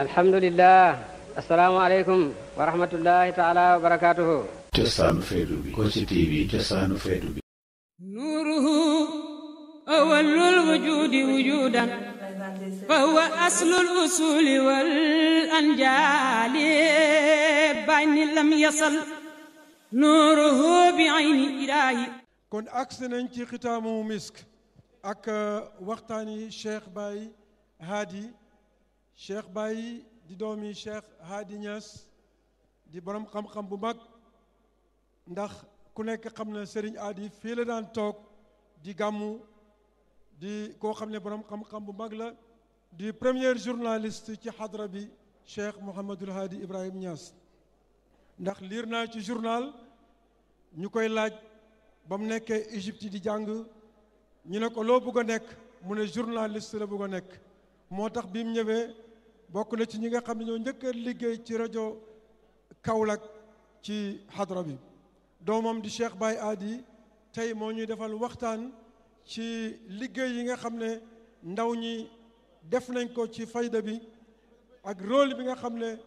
الحمد لله السلام عليكم ورحمة الله تعالى وبركاته جسان فيدوبي كوشي تي في جسان فيدوبي نوره أول الوجود وجودا فهو أصل الأصول والأنجال بين لم يصل نوره بعين إلهي كن أكسن أنت ختام مسك أك وقتاني الشيخ باي هادي cheikh Baye di domi cheikh Hadi Niass di borom xam-xam bu mag ndax ku nek xamna Serigne Adi fi la dan tok di Gamu di ko xamne borom xam-xam bu mag la di premier journaliste ci hadra bi cheikh Mouhamadul Hadi Ibrahim Niass ndax lirna naa ci journal ñukoy laaj bam di Janggu. ñu ne ko loo bëgg nek mune journaliste la bëgg nek moo tax bi mu ñëwee bokk na ci ñi nga xam ne ñoo njëkk liggéey ci rajo Kaolack ci xadra bi doomam di Cheikh Baye Adi tey moo ñuy defal waxtaan ci liggéey yi nga xam ne ndaw ñi def nañ ko ci fayda bi ak rôle bi nga xam ne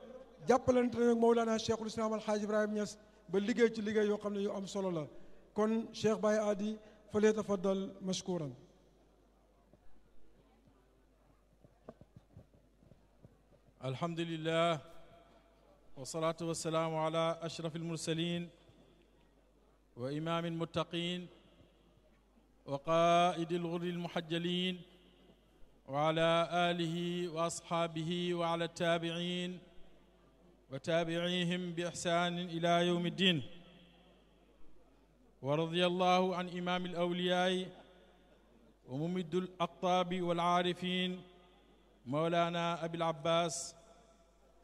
jàppalante nag Mawlana Cheikhul Islam Alhaaj Ibrahima Niass ba liggéey ci liggéey yoo xam ne yu am solo la kon Cheikh Baye Adi fa lee tafaddal mashkuran الحمد لله والصلاة والسلام على أشرف المرسلين وإمام المتقين وقائد الغر المحجلين وعلى آله وأصحابه وعلى التابعين وتابعيهم بإحسان إلى يوم الدين ورضي الله عن إمام الأولياء وممد الأقطاب والعارفين مولانا أبي العباس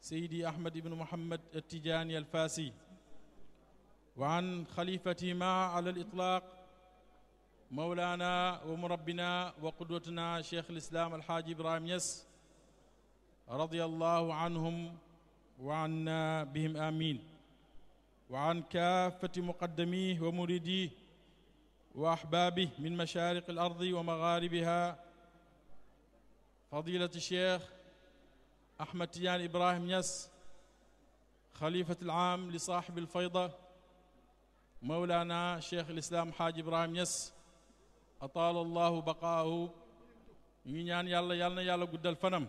سيدي أحمد بن محمد التجاني الفاسي وعن خليفتهما على الإطلاق مولانا ومربنا وقدوتنا شيخ الإسلام الحاج إبراهيم يس رضي الله عنهم وعنا بهم آمين وعن كافة مقدميه ومريديه وأحبابه من مشارق الأرض ومغاربها فضيلة الشيخ أحمد تيان إبراهيم يس خليفة العام لصاحب الفيضة مولانا شيخ الإسلام حاج إبراهيم يس أطال الله بقاءه ñu ñaan يالا يالا قد الفنم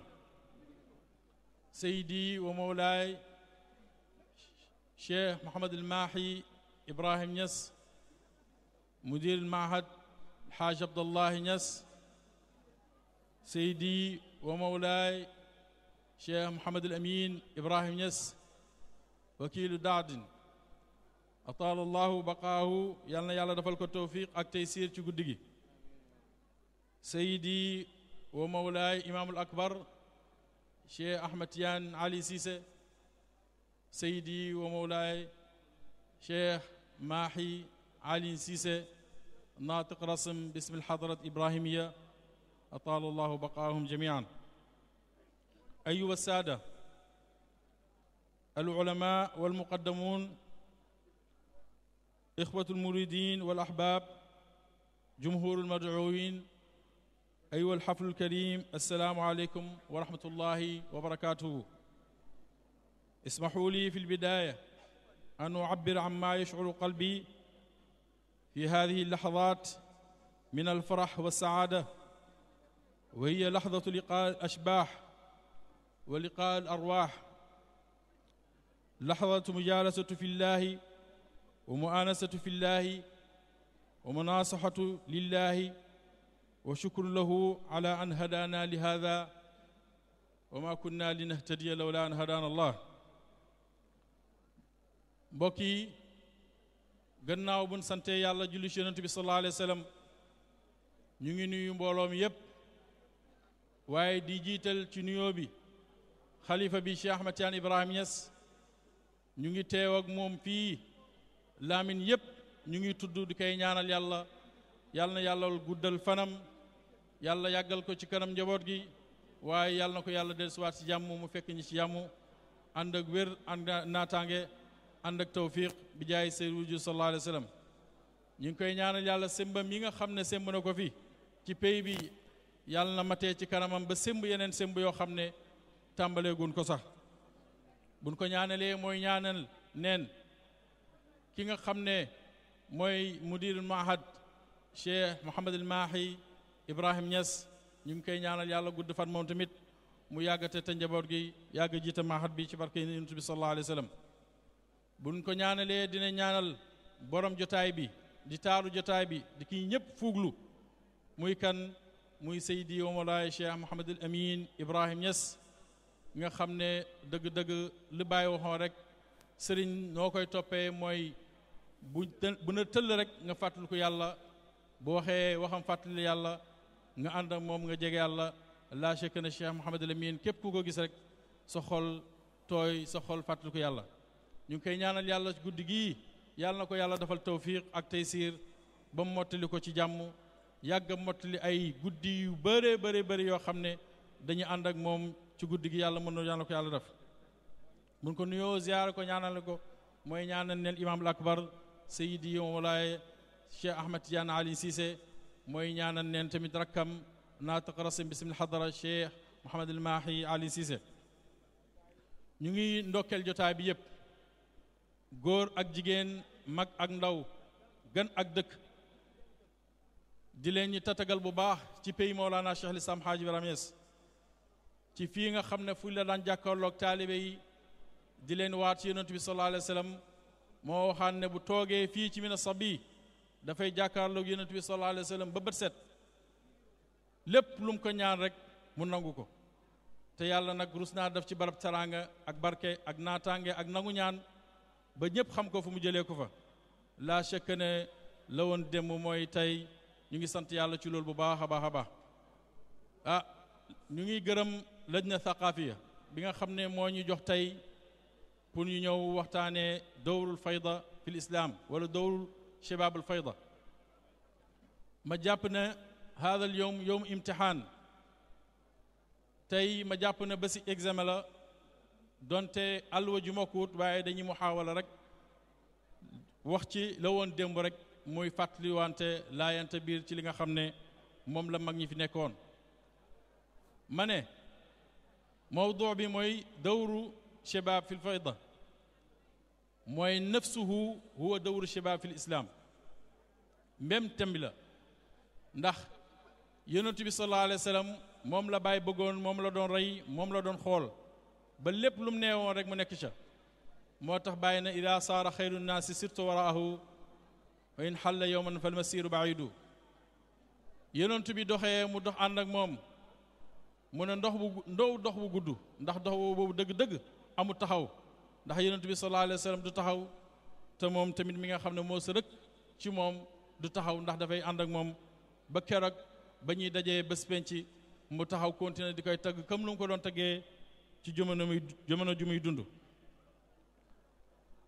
سيدي ومولاي شيخ محمد الماحي إبراهيم يس مدير المعهد الحاج عبد الله يس سيدي ومولاي شيخ محمد الأمين إبراهيم يس وكيل دعدن أطال الله بقاه يالنا يالا دفلك التوفيق أك تقدقي سيدي ومولاي إمام الأكبر شيخ أحمد يان علي سيسة سيدي ومولاي شيخ ماحي علي سيسة ناطق رسم باسم الحضرة إبراهيمية أطال الله بقاءهم جميعا أيها السادة العلماء والمقدمون إخوة المريدين والأحباب جمهور المدعوين أيها الحفل الكريم السلام عليكم ورحمة الله وبركاته اسمحوا لي في البداية أن أعبر عما يشعر قلبي في هذه اللحظات من الفرح والسعادة وهي لحظة لقاء الأشباح ولقاء الأرواح لحظة مجالسة في الله ومؤانسة في الله ومناصحة لله وشكر له على أن هدانا لهذا وما كنا لنهتدي لولا أن هدانا الله بكي gannaaw buñ sante yàlla julli ci yonent الله sallallahu alayhi wa نيو ñu ngi waaye di jiital ci nuyoo bi xalifa bi Cheikh Ahmad Tidiane Ibrahima Niass ñu ngi teew ak moom fii laamin yépp ñu ngi tudd di koy ñaanal yàlla yàlla na yàlla guddal fanam yàlla yàggal ko ci kanam njaboot gi waaye yàlla ko yàlla del dellusiwaat si jàmm mu fekk ñi ci jàmm ànd ak wér ànd naataange ànd ak tawfiq bi jaay seydi wujuud sallallahu alayhi ñu ngi koy ñaanal yàlla sémba mi nga xam ne sémb ko fi ci pey bi yàlla na matee ci kanamam ba sémb yeneen sémb yoo xam ne tàmbaleegun ko sax buñ ko ñaanalee mooy ñaanal neen ki nga xam ne mooy mudirul mahad cheikh Mouhamadul Mahi Ibrahim Niass ñu ngi koy ñaanal yàlla gudd fan moom tamit mu yàggate te njaboot gi yàgg jiite mahad bi ci barke yonent bi sallallahu alayhi wa sallam buñ ko ñaanalee dina ñaanal borom jotaay bi di taaru jotaay bi di kii ñëpp fuuglu muy kan muy seydi wa moolaay cheikh mohammed El Amin Ibrahim yes nga xamne deug deug degg li bàyyi waxoon rek serigne nokoy topé moy bu ne teul rek nga fatul ko yàlla bu waxe waxam fatul yàlla nga ànd ak mom nga jégué yàlla la cheikh na cheikh mohammed El Amin kep ku ko gis rek sa xol toy sa xol fatul ko yàlla ñu koy ñaanal yàlla ci guddigi yàlla nako yàlla dafal tawfiq ak taysir ba motali ko ci jàmm yàgg a mottali ay guddi yu bëree bëri bëri yoo xam ne dañu ànd ak moom ci guddi gi yàlla mën na yàlla ko yàlla def mun ko nuyoo ziyaar ko ñaanal ko mooy ñaanal neen imam al akbar sayidi mawlaay cheikh ahmad tidiane ali Cissé mooy ñaanal neen tamit rakkam naatiq rasim bismil xadara cheikh mohamad al maahi ali Cissé ñu ngi ndokkeel jotaay bi yépp góor ak jigéen mag ak ndaw gan ak dëkk di leen ñi tatagal bu baax ci pays Mawlana Cheikh Lislam Hadj Ibrahima Niass ci fii nga xam ne fu la daan jàkkaarloog taalibe yi di leen waat ci yonent bi sallallahu alayhi moo waxaan ne bu toogee fii ci mina sabi dafay jàkkaarloog yonent wi sallallahu alayhi ba bët set lépp lum ko ñaan rek mu nangu ko te yàlla nag rus naa def ci barab teraanga ak barke ak naataange ak nangu ñaan ba ñépp xam ko fu mu jëlee ko fa laa shakk ne la woon démb mooy tey ñu ngi sant yàlla ci loolu bu baax a baax a baax ah ñu ngi gërëm lajna thaqafiya bi nga xam ne moo ñu jox tey pour ñu ñëw waxtaanee dawrul fayda fil islam wala dawrul shababul fayda ma jàpp ne hada al yowm yowm imtihaan tey ma jàpp ne ba si examen la donte alwa ju ma kuut waaye dañuy muxaawala rek wax ci la woon démb rek muy wante layante bir ci li nga xamne mom la mag ñi fi nekkon mané mawdu bi moy dawru shabab fil fayda moy nafsuhu huwa dawru shabab fil islam mbém tambi la ndax yonentu bi sallallahu alayhi wasallam mom la bay bëggoon mom la doon ray mom la doon xol ba lépp lu mu neewoon rek mu nekk ca motax bayina ila sara ida nas sirtu waraahu wa in xalla yowman fal masiru baidu yonent bi doxee mu dox ànd ak moom mu ne ndox bu ndow dox bu gudd ndax dox boobu dëgg-dëgg amul taxaw ndax yonent bi sallallahu alayhi wa sallam du taxaw te moom tamit mi nga xam ne moo sa rëkk ci moom du taxaw ndax dafay ànd ak moom ba keroog ba ñuy dajee bés penc mu taxaw continuer di koy tagg comme lu mu ko doon taggee ci jamono muy jamono ju muy dund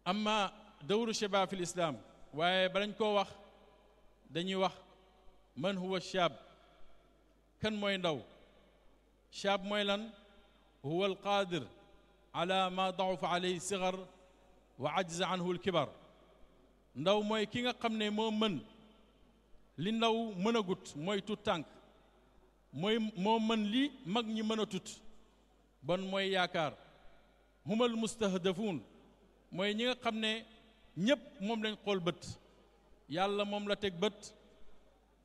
amma dawru sheba fil islam waaye balañ koo wax dañuy wax man huwa shab kan mooy ndaw shab mooy lan huwa alqadir ala ma dacufa alayhi sigar wa ajza anhu alkibar ndaw mooy ki nga xam ne moo mën li ndaw mën a gut mooy tut tànk mooy moo mën li mag ñi mën a tut bon mooy yaakaar humal mustahdafun mooy ñi nga xam ne ñëpp moom lañ xool bët yàlla moom la teg bët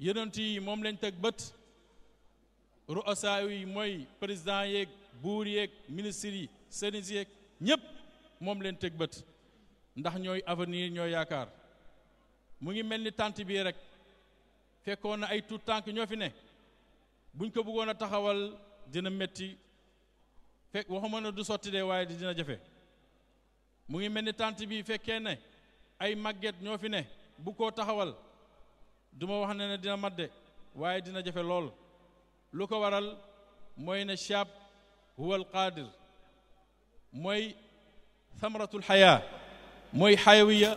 yonent yi moom lañ teg bët ruasaa yi mooy président yeeg buur yéeg ministre yi sëriñ yeeg ñëpp moom leen teg bët ndax ñooy avenir ñooy yaakaar mu ngi mel ni tant bii rek fekkoon na ay tuut tànk ñoo fi ne buñ ko buggoon a taxawal dina metti fekk waxuma na du sotti waaye di dina jafe mu ngi mel ni tant bi fekkee ne ay màgget ñoo fi ne bu ko taxawal duma wax ne dina madde waaye dina jafe lool lu ko waral mooy ne shaab huwa alqaadir mooy thamratul xayaa mooy xayawiya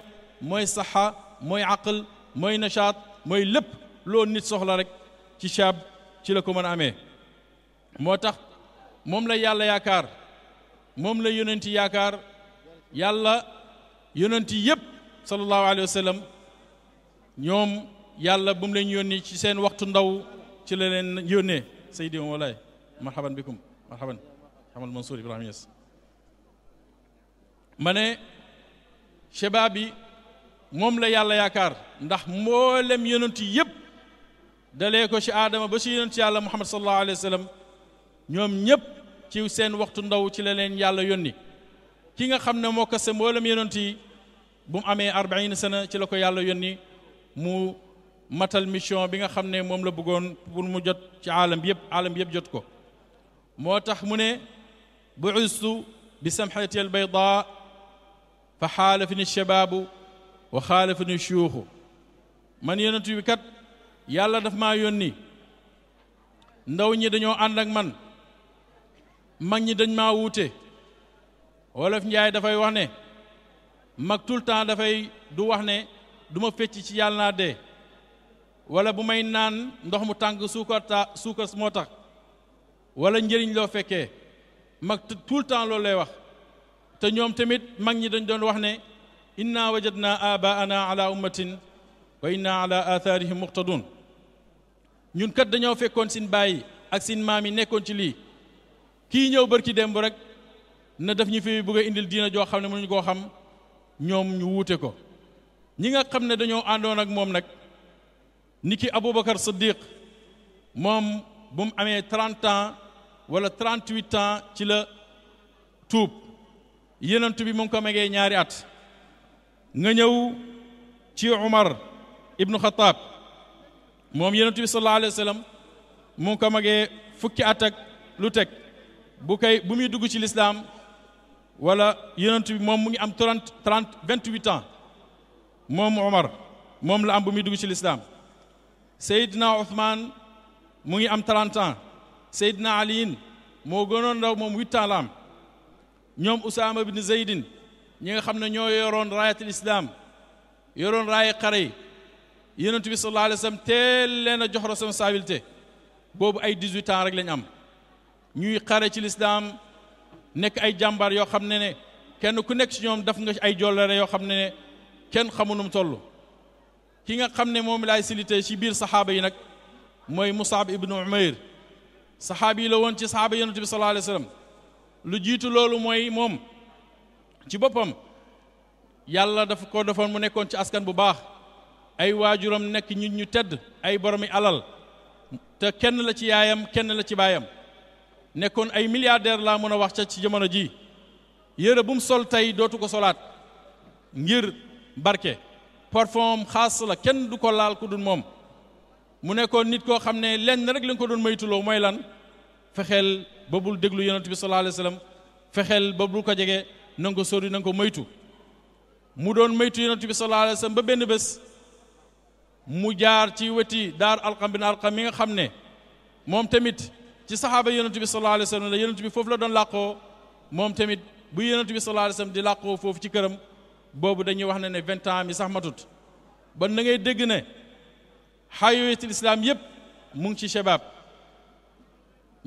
mooy saxa mooy aql mooy nashaat mooy lépp loo nit soxla rek ci shaab ci la ko mën amee moo tax moom la yàlla yaakaar moom la yonenti yaakaar yàlla yonenti yépp sallallahu alayhi wa ñoom yàlla bum mu leen yónni ci seen waxtu ndaw ci la leen yónnee saydi walaay marhaban bikum marhaban xamal mansour ibrahima yes ma ne shabaab bi moom la yàlla yaakaar ndax mboolem yonent yépp dalee ko ci aadama ba ci yonent yàlla muhammad sallallahu alayhi wa sallam ñoom ñépp ci seen waxtu ndaw ci la leen yàlla yónni ki nga xam ne moo kase mboolem yonent bum amé 40 sene ci lako yàlla yoni mu matal mission bi nga xamné mom la bëggoon pour mu jot ci alam yëpp alam yëpp jot ko motax mu ne buistu bi al-bayda fa ash-shabab wa ash-shuyukh man yonatu bi kat yàlla daf ma yoni ndaw ñi dañoo ànd ak man mag ñi dañ ma wuté wolof da fay wax ne mag tout le dafay du wax ne du ma fecc ci yàlla naa dee wala bu may naan ndox mu tàng suukar ta moo tax wala njëriñ loo fekkee mag tout le temps loolu lay wax te ñoom tamit mag ñi dañ doon wax ne inna wajadna abaana ala ummatin wa inna ala athaarihim muqtadun ñun kat dañoo fekkoon sin bàyyi ak sin maam yi nekkoon ci lii kii ñëw bërki démb rek na def ñu fi bëgg a indil diina joo xam ne mënuñu koo xam ñoom ñu wuute ko ñi nga xam ne dañoo àndoon ak moom nag ni ki Aboubacar Siddiq moom bu mu amee 30 ans wala 38 ans ci la tuub yenentu bi mu ko magee ñaari at nga ñëw ci Umar ibnu Xataab moom yenentu bi sallallahu alayhi wa sallam mu ko megee fukki at ak lu teg bu koy bu muy dugg ci lislaam ولا ينتبه مم مم أم تران تران 28 عام مم عمر مم لا أم بمدوج الإسلام سيدنا عثمان مم أم تران تان سيدنا علي موغنون لو مم ويت عام نيوم أسامة بن زيد نيوم خمنا نيو يرون راية الإسلام يرون راية قري ينتبه صلى الله عليه وسلم تلنا جهر سام سابلته بوب أي 18 عام رجلا نيو قري الإسلام nek ay jambar yo xamne ne kenn ku nek ci ñoom daf nga ay jollere yo xamne ne ne kenn xamunum tollu ki nga xamne mom lay silite ci bir sahaba yi nak moy musab ibn umayr sahabi la won ci sahaba yunus bi sallallahu alayhi wasallam lu jitu lolu moy mom ci bopam yàlla daf ko defoon mu nekkon ci askan bu baax ay wajuram nek ñun ñu tedd ay boromi alal te kenn la ci yaayam kenn la ci bayam ne ay milliardaire laa mën a wax ca ci jamono ji yére bu mu sol tey dootu ko solaat ngir barke parfum xaas la kenn du ko laal ku dun moom mu nekkoon nit koo xam ne lenn rek lañ ko doon maytuloo mooy lan fexeel ba bul déglu yonent bi sallallahu alayhi wasallam fexeel ba bul ko jege na nga ko sori na nga ko moytu mu doon maytu yonent bi sallallahu alayhi wasallam ba benn bés mu jaar ci weti daar alqam bin alqam mi nga xam ne moom tamit ci sahaba yonent bi sallallahu alayhi wasallam la bi fofu la don laqo mom tamit bu yonent bi sallallahu alayhi wasallam di laqo fofu ci kërëm bobu dañuy wax ne ne vingt ans mi sax matut ba na ngay dégg ne xayoyatul islam yépp mu ngi ci shabab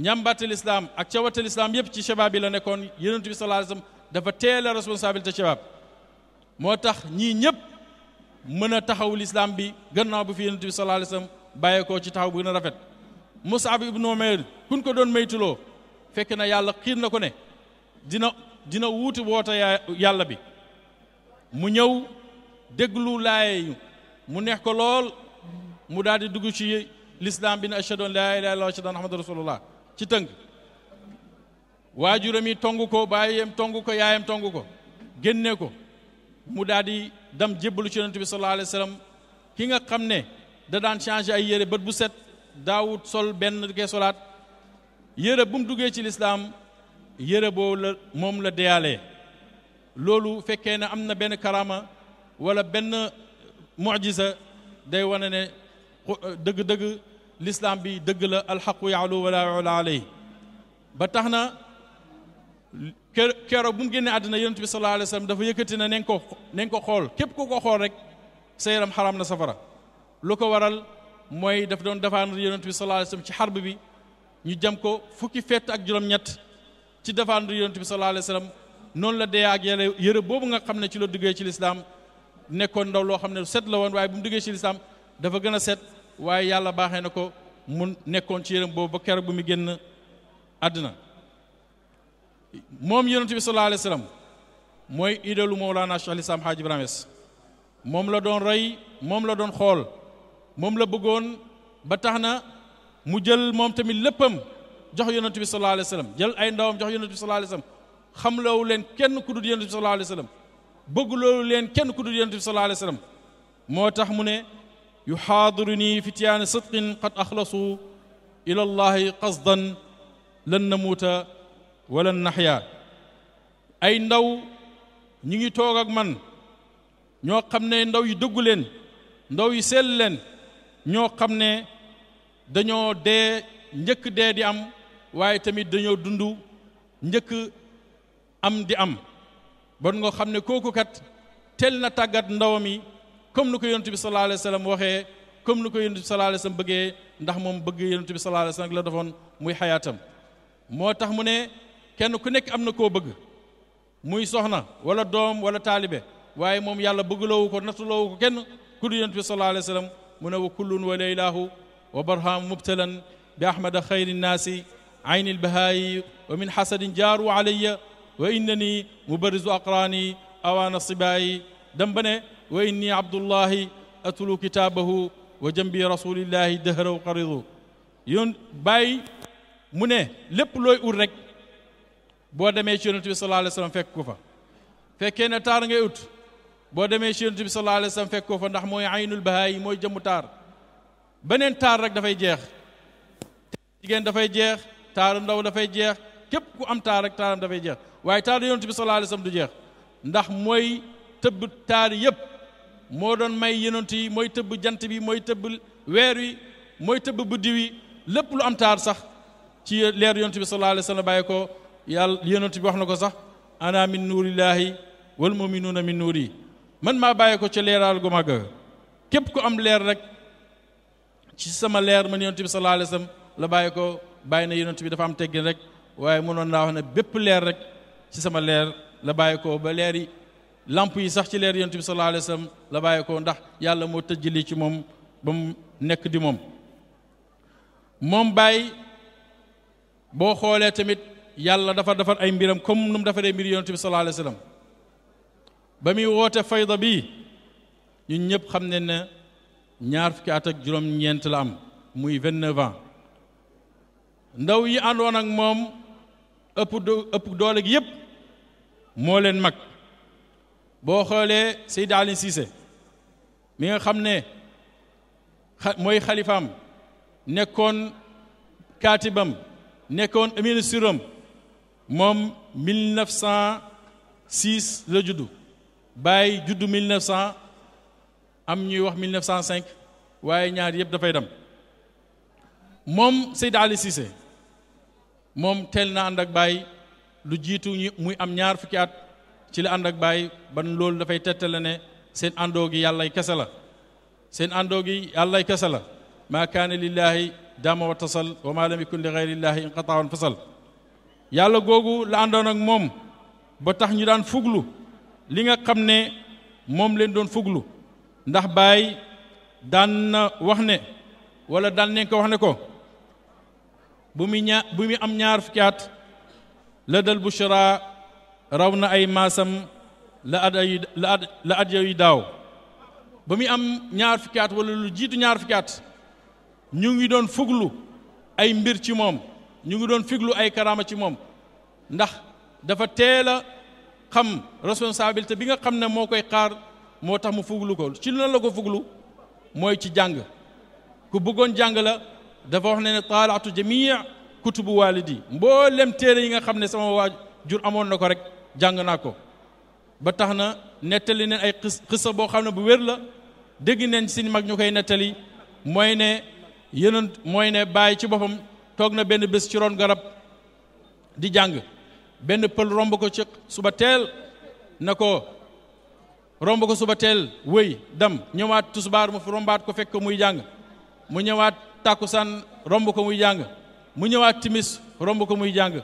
ñambatul islam ak cawatal islam yépp ci shabab yi la nekkon yonent bi sallallahu alayhi wasallam dafa téla a responsabilité shabab motax ñi ñii ñépp mën a taxaw bi gannaaw bu fi yonent bi sallallahu alayhi wasallam bàyyeekoo ci taxaw bu gën rafet Mus'ab ibnu Umayr kun ko doon maytuloo fekk na yàlla xiir na ko ne dina dina wuuti woote yàlla bi mu ñëw déglu laaye mu neex ko lool mu daal di dugg ci lislaam bi ne ashhadu an laa ilaaha illallaah wa ashhadu anna muhammadan rasulullah ci tënk waajuram yi tong ko baayam tong ko yaayam tong ko génne ko mu daal di dam jébbalu ci yonent bi sallallaahu alayhi wa sallam nga xam ne da daan changé ay yére bët bu set daawut sol benn gesolaat yére bu mu duggee ci lislaam yére boobu la moom la deyaalee loolu fekkee ne am na benn karaama wala benn mujisa day wane ne dëgg-dëgg lislaam bi dëgg la alxaqu yaalu wala yola aley ba tax na keroog bu mu génnee àddina yonent bi sallallahu alayhi sallam dafa yëkkati na nañ ko nañ ko xool képp ku ko xool rek sa yaram na safara lu ko waral mooy daf doon défendre yonent bi sallallahu alayhi wasallam ci xarb bi ñu jam ko fukki fett ak juróom-ñett ci défendre yonent bi sallallahu alayhi noonu la dee ak yàlla yëre boobu nga xam ne ci la duggee ci lislaam nekkoon ndaw loo xam ne set la woon waaye bu mu duggee ci lislaam dafa gën a set waaye yàlla baaxee na ko mu nekkoon ci yërëm boobu ba keroog bu mu génn àddina moom yonent bi sallallahu alayhi wasallam mooy idolu Mawlana Cheikh al Islam Hadj Ibrahima moom la doon roy moom la doon xool mom la bëggoon ba taxna mu jël mom tamit léppam jox yonent bi sallallahu alayhi wasallam jël ay ndawam jox yonent bi sallallahu alayhi wasallam sallam xam loowu len kenn ku dul yonent bi sallallahu alayhi wasallam bëgg loolu len kenn ku dul yonent bi sallallahu alayhi wasallam motax mu ne yuxaadiruni fityaani sidqin qad akhlasu ila allah qasdan lan namuta wala nahya ay ndaw ñi ngi toog ak man ño xamne ndaw yu deggulen ndaw yu sel len ñoo xam ne dañoo dee njëkk dee di am waaye tamit dañoo dund njëkk am di am bon nga xam ne kooku kat teel na tàggat ndawam yi comme ni ko yonent bi sallallahu alayhi wasallam waxee comme ni ko yonent bi sallallahu alayhi bëggee ndax moom bëgg yonent bi sallallahu la defoon muy xayaatam moo tax mu ne kenn ku nekk am na koo bëgg muy soxna wala doom wala taalibe waaye moom yàlla bëggloowu ko nattuloowu ko kenn ku du yonent bi sallallahu منو كل وليلاه وبرهام مبتلا بأحمد خير الناس عين البهائي ومن حسد جار علي وإنني مبرز أقراني أوان الصبائي دنبني وإني عبد الله أتلو كتابه وجنبي رسول الله دهر وقرض يون باي mu لب لوي أورك ut rek boo صلى الله عليه وسلم فك كوفا wa sallam أوت boo demee ci yonent bi sallallahu alayhi wa sallam fekk ko fa ndax mooy aynul bahaay mooy jëmmu taar beneen taar rek dafay jeex jigéen dafay jeex taaru ndaw dafay jeex képp ku am taar rek taaram dafay jeex waaye taaru yonent bi sallallahu alayhi wa sallam du jeex ndax mooy tëbb taar yépp moo doon may yonent yi mooy jant bi mooy tëbb weer wi mooy tëbb buddi wi lépp lu am taar sax ci leer yonent sallallahu alayhi wa sallam yàlla yonent bi wax sax ana min nuurillahi wal muminuuna min man maa bàyyi ko ca leeraal gu mag képp ku am leer rek ci sama leer man yonent bi sallallahu alayhi wasallam la bàyyi ko bàyyi na yonent bi dafa am teggin rek waaye mënoon naa wax ne bépp leer rek ci sama leer la bàyyi ko ba leer yi lamp yi sax ci leer yonent bi sallallahu alayhi wasallam la bàyyi ko ndax yàlla moo tëj lii ci moom ba mu nekk di moom moom bàyyi boo xoolee tamit yàlla dafa defar ay mbiram comme nu mu defaree mbir yonent bi sallallahu alayhi wasallam ba muy woote fayda bi ñun ñëpp xam ne ne ñaar fukki at ak juróom-ñeent la am muy 29 ans ndaw yi àndoon ak moom ëpp do ëpp doole gi yëpp moo leen mag boo xoolee Seydi Aliou Cissé mi nga xam ne mooy xalifaam nekkoon kaatibam nekkoon ministre am moom 1906 la juddu bàyyi juddu 1900 am ñuy wax 1905 waaye ñaar yëpp dafay dem moom Seyd Ali Cissé moom teel na ànd ak bàyyi lu jiitu muy am ñaar fukki at ci la ànd ak bàyyi ban loolu dafay tettale ne seen àndoo gi yàllay kese la seen àndoo gi yàllay kese la maa kaane lillaahi daama wa tasal wa maa lam yakun li gayrillaahi inqataa fasal yàlla googu la àndoon ak moom ba tax ñu daan fuglu li nga xam ne moom leen doon fuglu ndax baay daan na wax ne wala daan nañ ko wax ne ko bu muy ñaa bu muy am ñaar fukki la dal bushra raw na ay maasam la ad ay la ad yu daaw ba muy am ñaar fukki at lu jiitu ñaar fukki ñu ngi doon fuglu ay mbir ci moom ñu ngi doon fuglu ay karaama ci moom ndax dafa teel xam responsabilité bi nga xam ne moo koy xaar moo tax mu fuglu ko ci na la ko fuglu mooy ci jàng ku bëggoon jàng la dafa wax ne ne taalaatu jamii kutubu waalidi mboolem téere yi nga xam ne sama waajur amoon na ko rek jàng naa ko ba tax na nettali neen ay xisa boo xam ne bu wér la dégg neen sin mag ñu koy nettali mooy ne yeneen mooy ne bàyyi ci boppam toog na benn bés ci roon garab di jàng benn pël romb ko ci suba teel na ko romb ko suba teel wëy dam ñëwaat tusbaar mu rombaat ko fekk muy jàng mu ñëwaat tàkkusaan romb ko muy jàng mu ñëwaat timis romb ko muy jàng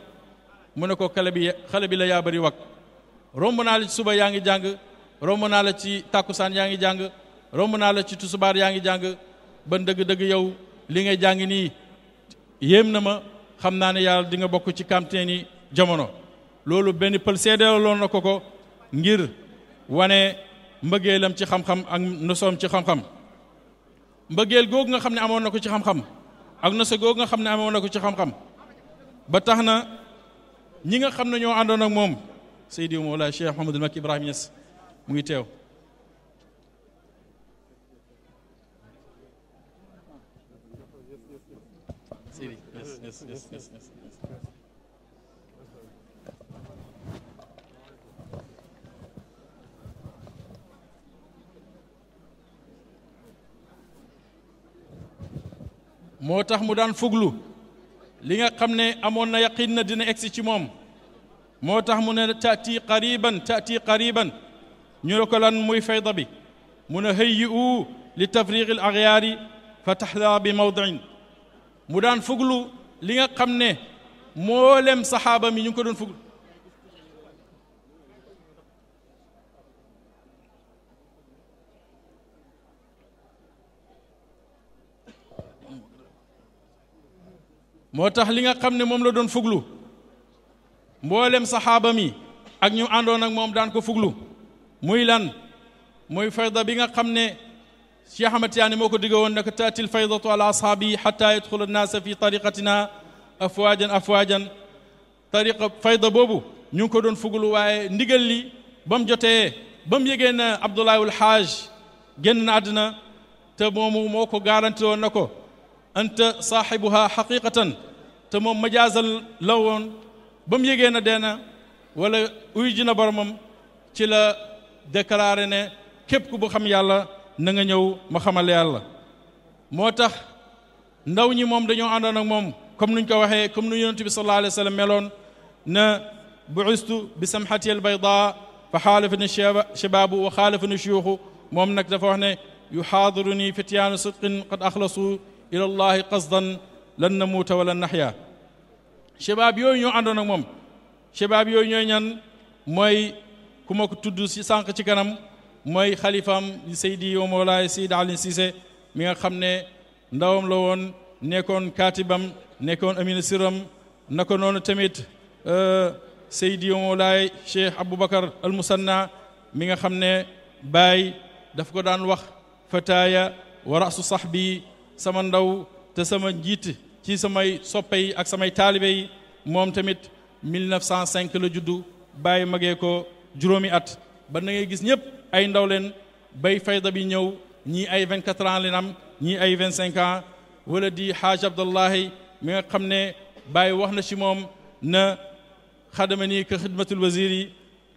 mu ne ko xale bi xale bi la yaa bëri wak romb naa la ci suba yaa ngi jàng romb naa la ci tàkkusaan yaa ngi jàng romb naa la ci tusubaar yaa ngi jàng ba dëgg-dëgg yow li ngay jàng nii yéem na ma xam naa ne yàlla di nga bokk ci kamteen yi jamono loolu benn pël seedeeloon na ko ko ngir wane mbëggeelam ci xam-xam ak nosoom ci xam-xam mbëggeel googu nga xam ne amoon na ko ci xam-xam ak noso googu nga xam ne amoon na ko ci xam-xam ba tax na ñi nga xam ne ñoo àndoon ak moom Seydi Mawla Cheikh Mouhamadoul Macky Ibrahima Niass mu ngi teew Seydi yes yes yes yes motax mu daan fuglu li nga xam ne amoon na yaqin na dina egsi ci moom moo tax mu ne taati qariban taati qariban ñu ne ko lan muy fayda bi mu ne hayyi'u li tafriq al aghyari fa taxdaa bi mawdiin mu daan fuglu li nga xam ne mboolem saxaaba mi ñu ko doon fuglu motax li nga xamne mom la doon fuglu mbollem sahaba mi ak ñu àndoon ak mom daan ko fuglu muy lan muy fayda bi nga xamne cheikh ahmed tiani moko digge won nak ne ko taatil faydatu ala hatta yadkhulu an-nas fi tariqatina afwajan afwajan tariqa fayda bobu ñu ko doon fuglu waye ndigal li bam joté bam ba mu yëgee na abdoulahi génn na àddina te momu moko garantie won nako anta saaxibuha xaqiqatan te moom majaasal la woon ba mu yëgee na dee na wala uy ji na boromam ci la déclaré ne képp ku bu xam yàlla na nga ñëw ma xamal yàlla moo tax ndaw ñi moom dañoo àndoon ak moom comme nuñ ko waxee comme nu yonent bi sallallahu alayhi wa sallam meloon na buistu bi samxati al bayda fa xaalafani shabaabu wa xaalafani shuyuxu moom nag dafa wax ne yuxaadiruni fityaanu sidqin qad axlasu ila allahi qasdan lan namuuta wala naxya shabaab yooyu ñoo àndoon ak moom shabaab yooyu ñooy ñan mooy ku ma ko tudd si sànq ci kanam mooy xalifaam seydi wa moolaay seydi alin siise mi nga xam ne ndawam la woon nekkoon kaatibam nekkoon amina siram na ko noonu tamit seydi wa moolaay cheikh aboubacar al musanna mi nga xam ne baay daf ko daan wax fataaya wa rasu sahbi sama ndaw te sama njiit ci samay soppe yi ak samay taalibe yi moom tamit 1905 la juddu bàyyi magee ko juróomi at ba na ngay gis ñëpp ay ndaw leen bay fayda bi ñëw ñii ay 24 ans leen am ñii ay 25 ans wala di xaaj abdallahi mi nga xam ne bàyyi wax na ci moom na xadama nii ka xidmatul wazir yi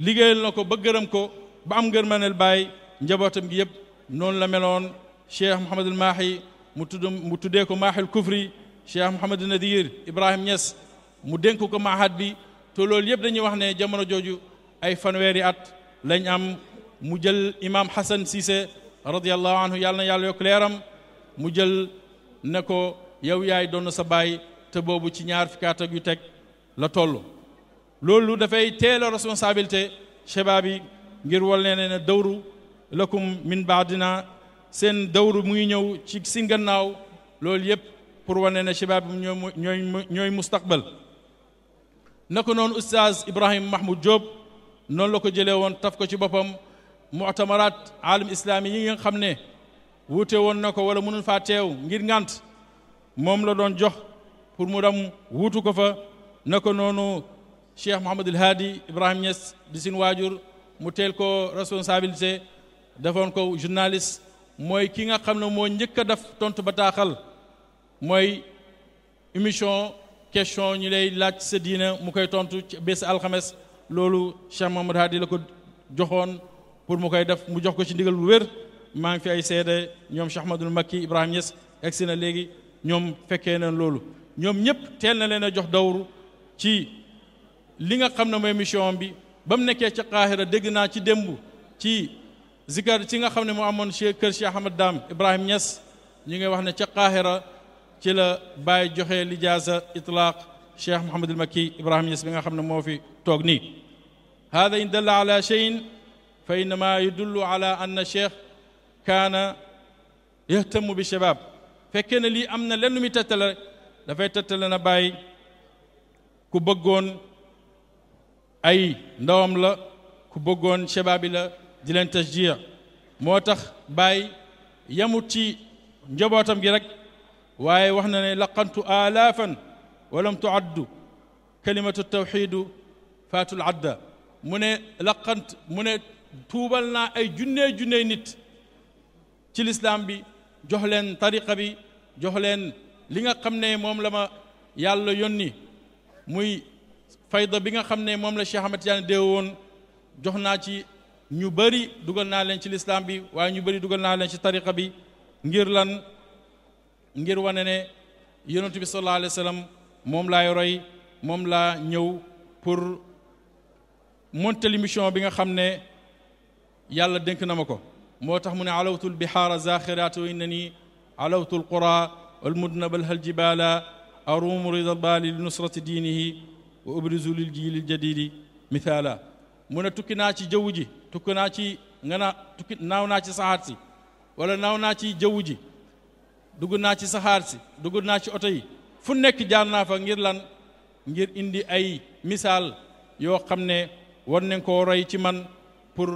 liggéeyal na ko ba gërëm ko ba am ngërmaneel bàyyi njabootam gi yëpp noonu la meloon cheikh mohamadul mahi mu tudd ko kufri cheikh mohammed Nadir Ibrahim nyes mu dénk ko mahad bi to lol yeb dañuy wax ne jamono joju ay fanwéri at lañ am mu jël imam Hassan Cissé radiyallahu anhu yàlla yàlla yok leram mu jël ne ko yow yaay don sa bay te bobu ci ñaar fukki at ak yu la tollu lolou da fay a responsabilité shabaab yi ngir wal ne ne dawru lakum min ba'dina seen dawru muy ñëw ci si gannaaw loolu yépp pour wane ne chebab ñooy ñooy ñooy mustaqbal naka noonu oustaz Ibrahim Mahmoud job noonu la ko jëlee woon taf ko ci boppam mu'tamarat alim islami yi nga xam ne wuute woon na ko wala mënul faa teew ngir ngant moom la doon jox pour mu dem wuutu ko fa naka noonu cheikh Mohamed El Hadi Ibrahim yes di sin waajur mu teel ko responsabilité defoon ko journaliste mooy ki nga xam ne moo njëkk a def tontu taaxal mooy émission question ñu lay laaj sa diina mu koy tontu bés alxames loolu Cheikh Mamadou Hadi la ko joxoon pour mu koy def mu jox ko ci ndigal bu wér maa ngi fi ay seede ñoom Cheikh Ahmadul Makki Ibrahima Niass egsi na léegi ñoom fekkee na loolu ñoom ñëpp teel na leen a jox dawru ci li nga xam ne mooy mission bi ba mu nekkee ca Qaahira dégg naa ci démb ci zikar ci nga xamne mo amone cheikh keur Cheikh ahmed dam Ibrahim Niass ñi ngi wax ne ci Qahira ci la Baye joxe lijaza itlaq Cheikh mohammed al Makki Ibrahim Niass bi nga xamne mo fi tok ni hada in dalla ala cheyin fa innama yadullu ala anna cheikh kana yahtamu bi shabab fekene li amna lenn mi tettale dafay na bàyyi ku beggone ay ndawam la ku beggone shababi la di len tashjiya motax bay yamuti njobotam gi rek waye waxna ne laqantu wa lam tuaddu kalimatu tawhid fatul adda mune laqant mune tubalna ay junne junne nit ci l'islam bi jox len tariqa bi jox len li nga xamne mom lama yàlla yónni muy fayda bi nga xamne mom la Cheikh Ahmed tiane deewon joxna ci ñu bari dugal naa leen ci lislaam bi waaye ñu bari dugal naa leen ci tariqa bi ngir lan ngir wane ne yonentu bi sallallahu alayhi wasallam moom laay roy moom laa ñëw pour montali l'émission bi nga xam ne yàlla dénk na ma ko moo tax mu ne alawtu lbihaara zaxiraat wa innani alawtu lqura walmudna bal hal jibala arumu rida bali linusrati diinihi wa ubrizu lil jiili ljadidi mithaala mu ne tukki naa ci jaww ji tukk naa ci nga naa tukki naaw naa ci saxaar si wala naaw naa ci jaww ji dugg naa ci saxaar si dugg naa ci oto yi fu nekk jaar naa fa ngir lan ngir indi ay misaal yoo xam ne war nañ koo roy ci man pour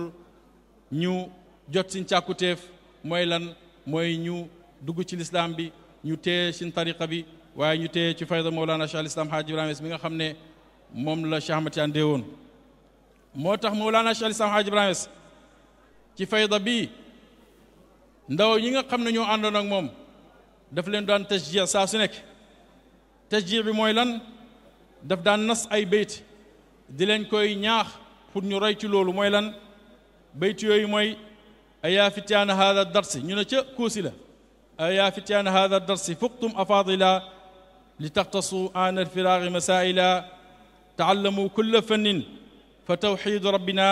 ñu jot siñ càkkutéef mooy lan mooy ñu dugg ci lislaam bi ñu téye sin tariqa bi waaye ñu téye ci fayda Mawlana Cheikh al Islam Haaj Ibrahima mi nga xam ne moom la Cheikh Ahmad Tidiane woon moo tax Mawlana Cheikh Islam Hadj Ibrahima ci fayda bii ndaw ñi nga xam ne ñoo àndoon ak moom daf leen daan tasjir saa su nekk tasjir bi mooy lan daf daan nas ay bayt di leen koy ñaax pour ñu roy ci loolu mooy lan bayt yooyu mooy ayaa fityaan hada darsi ñu ne ca kuusi la ayaa fityaan hada darsi fuqtum afadila li taxtasu an alfiraari masaila taallamu kulla fannin فتوحيد ربنا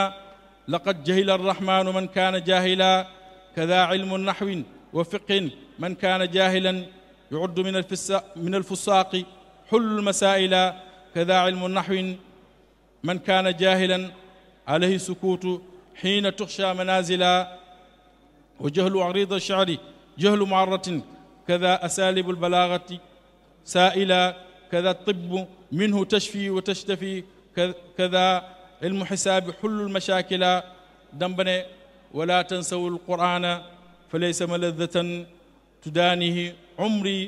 لقد جهل الرحمن من كان جاهلا كذا علم نحو وفقه من كان جاهلا يعد من من الفساق حل المسائل كذا علم نحو من كان جاهلا عليه سكوت حين تخشى منازلا وجهل عريض الشعر جهل معرة كذا أساليب البلاغة سائلا كذا الطب منه تشفي وتشتفي كذا علم حساب حل المشاكل دنبني ولا تنسوا القرآن فليس ملذة تدانيه عمري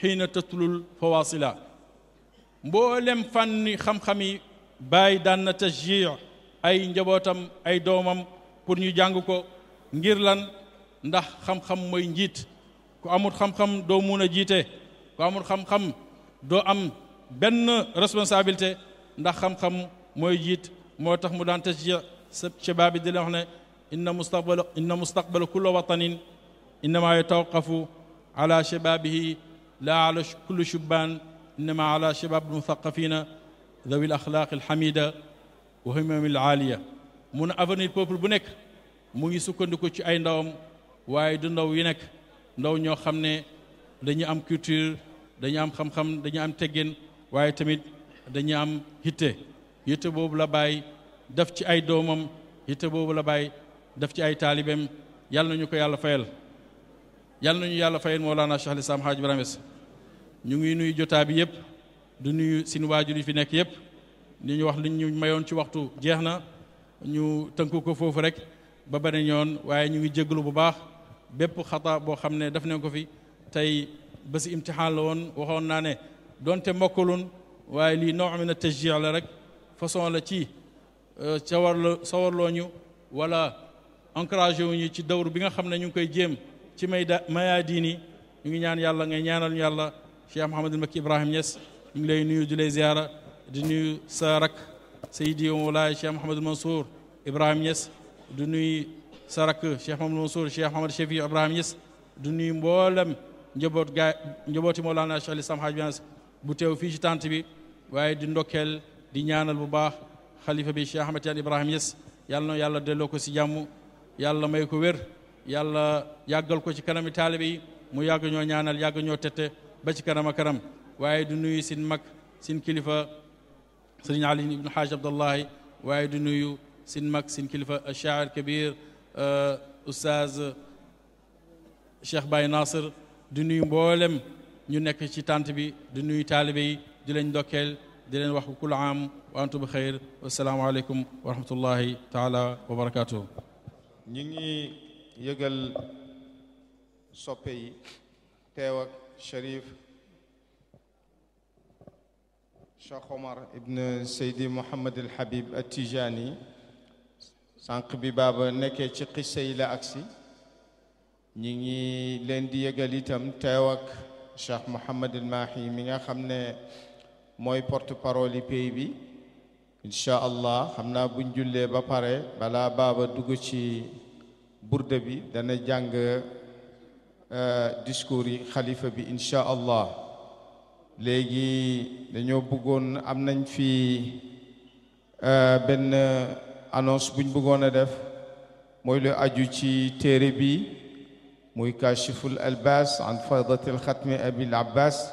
حين تتلو الفواصل مبولم فني خمخمي باي دان تشجيع أي نجبوتم أي دومم pour ñu jàng ko ngir lan ndax xam-xam mooy njiit ku amul xam-xam doo mun a jiite ku amul xam-xam doo am benn responsabilité ndax xam-xam moy jitt motax tax mu daan tashjii shabaab yi di la wax ne inna mustaqbal inna mustaqbal kulli watanin inna ma yatawqafu ala shababihi la ala kulli shubban inna ma ala shabab almuthaqafina dhawi alaxlaq alhamida wa himam alaaliya mu ne avenir peuple bu nekk mu ngi sukkandiku ci ay ndawam waaye du ndaw yi nekk ndaw ñoo xam ne dañu am culture dañu am xam-xam dañu am teggin waaye tamit dañu am hitte yitte boobu la bàyyi def ci ay doomam yitte boobu la bàyyi def ci ay taalibeem yàlla nañu ko yàlla fayal yàlla nañu yàlla fayal Mawlana Cheikh Lislam Hadj Ibrahima ñu ngi nuyu jotaa bi yëpp du nuyu sin waajur yi fi nekk yëpp ni ñu wax li ñu mayoon ci waxtu jeex na ñu tënku ko foofu rek ba beneen ñoon waaye ñu ngi jégalu bu baax bépp xata boo xam ne def nañ ko fi tey bési imtixaan la woon waxoon naa ne donte mokkalun waaye lii noo xam ne la rek façon la ci ci war sawar loñu wala encouragé wuñu ci dawr bi nga xamne ñu koy jëm ci may da ñu ngi ñaan yàlla ngay ñaanal ñu yàlla Cheikh mohammed Makki Ibrahim Niass ñu lay nuyu di lay ziara di nuyu sa rak Seydi Moulaay Cheikh mohammed Mansour Ibrahim Niass di nuyu sa rak Cheikh mohammed Mansour Cheikh mohammed Chefi Ibrahim Niass di nuyu mbolam njobot gaa njabooti Mawlana Cheikh Al Islam Hadj bu teew fi ci tante bi waye di ndokel di ñaanal bu baax xalifa bi Cheikh Ahmed tiane ibrahim yes yàlla no yàlla delo ko ci jàmm yàlla may ko wér yàlla yagal ko ci kanami talibi mu yag ñoo ñaanal yag ñoo tette ba ci kanama karam waye du nuyu sin mak sin kilifa serigne Ali ibn Haaj Abdallahi waye du nuyu sin mak sin kilifa ash-sha'ir kabir oustaz Cheikh Baye nasser du nuyu mbollem ñu nekk ci tante bi du nuyu talibi di leen dokkel di leen wax kul am wa antum bi xeyr wasalaamaaleykum wa rahmatullahi taala wa barakaatu. ñi ngi yëgal soppe yi teew ak Cherif Cheikh Omar ibn Seydi Mouhamad al Habib at Tijani sànq bi baaba nekkee ci xissa yi la agsi ñi ngi leen di yëgal itam teew ak Cheikh Mouhamad al Mahi mi nga xam ne moy porte parole yi pays bi incha allah xam buñ jullee ba pare bala baba dugg ci burde bi dana jàng euh discours yi khalifa bi incha allah léegi dañoo bëggoon am nañ fi euh ben annonce buñ bëggoon a def moy lu aju ci téré bi moy kashiful albas an al faydati abi al abbas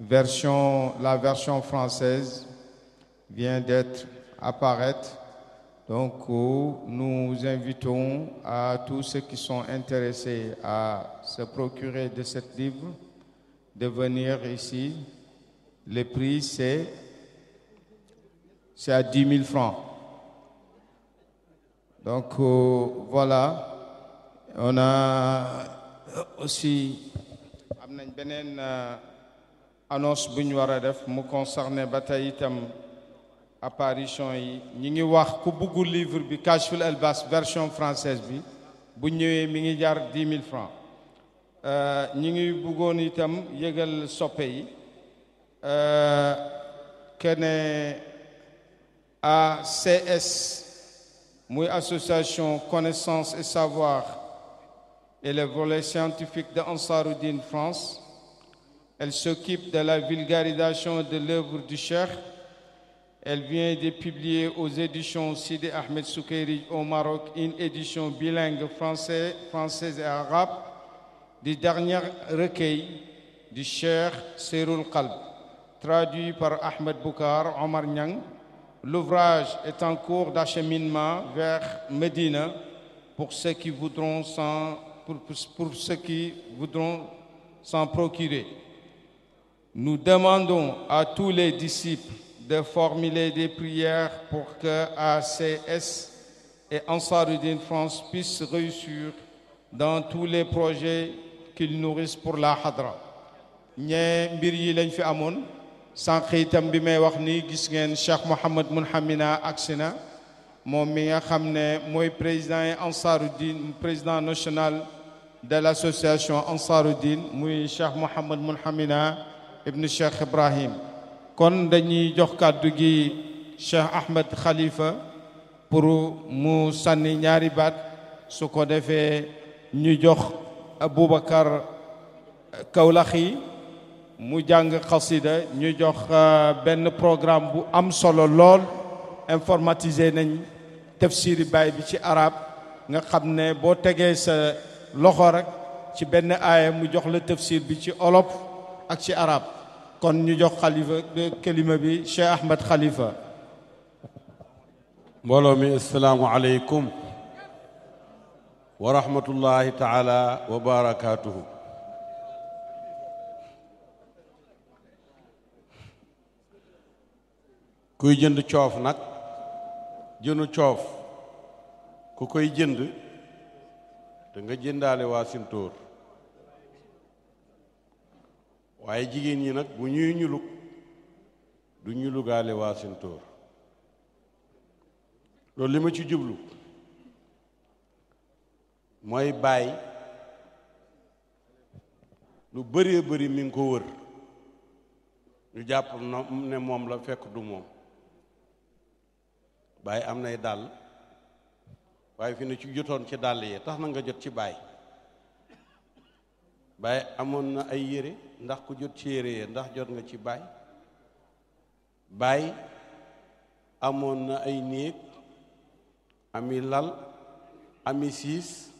version, la version française vient d'être apparaître. Donc, euh, nous invitons à tous ceux qui sont intéressés à se procurer de cette livre de venir ici. Le prix, c'est, à 10 000 francs. Donc, euh, voilà. On a aussi annonce buñu wara def mu apparition yi ñi ngi wax livre version française bi francs euh, ñi ngi itam yi l'association euh, association connaissance et savoir et le volet scientifique de Ansaroudine France elle s'occupe de la vulgarisation de l'œuvre du Cheikh. Elle vient de publier aux éditions Sidi Ahmed Soukeri au Maroc une édition bilingue français, française et arabe du dernier recueil du Cheikh Serul Kalb, traduit par Ahmed Boukar Omar Nyang. L'ouvrage est en cours d'acheminement vers Medina pour ceux qui voudront s'en pour ceux qui voudront s'en procurer. Nous demandons à tous les disciples de formuler des prières pour que ACS et Ansaruddin France puissent réussir dans tous les projets qu'ils nourrissent pour la Hadra. ñee mbir yi lañ fi amoon sànq bi may wax ni gis ngeen Cheikh Mouhamad munhamina aksina moom mi nga xam ne mooy président Ansaruddin, président national de l' association Ansarudin muy Cheikh Mouhamad munhamina ibnu cheikh ibrahim kon dañuy jox kàddu gi cheikh ahmed xalifa pour mu sànni ñaari baat su ko defee ñu jox aboubacar kawlaxi mu jàng xasida ñu jox euh, benn programme bu am solo lool informatisé nañ tafsiri baay bi ci arab nga xam ne boo tegee sa loxo rek ci benn aaya mu jox la tafsir bi ci olof ak ci arab kon ñu jox xalifa kelima bi Cheikh Ahmed Khalifa mbolo mi assalamu alaykum wa rahmatullahi taala wa barakatuh kuy jënd ciof nak jënu ciof ku koy jënd da nga jëndalé wa sintour waaye jigéen ñi nag bu ñuy ñulug du ñulugaale waa seen tóor loolu li ma ci jublu mooy baay lu bëree bëri mi ngi ko wër ñu jàpp ne moom la fekk du moom baay am nay dàll waaye fi ne ci jotoon ci dàll yi tax nanga jot ci baay baay amoon na ay yére ndax ku jot ci yére ya ndax jot nga ci baay baay amoon na ay néeg ami lal ami siis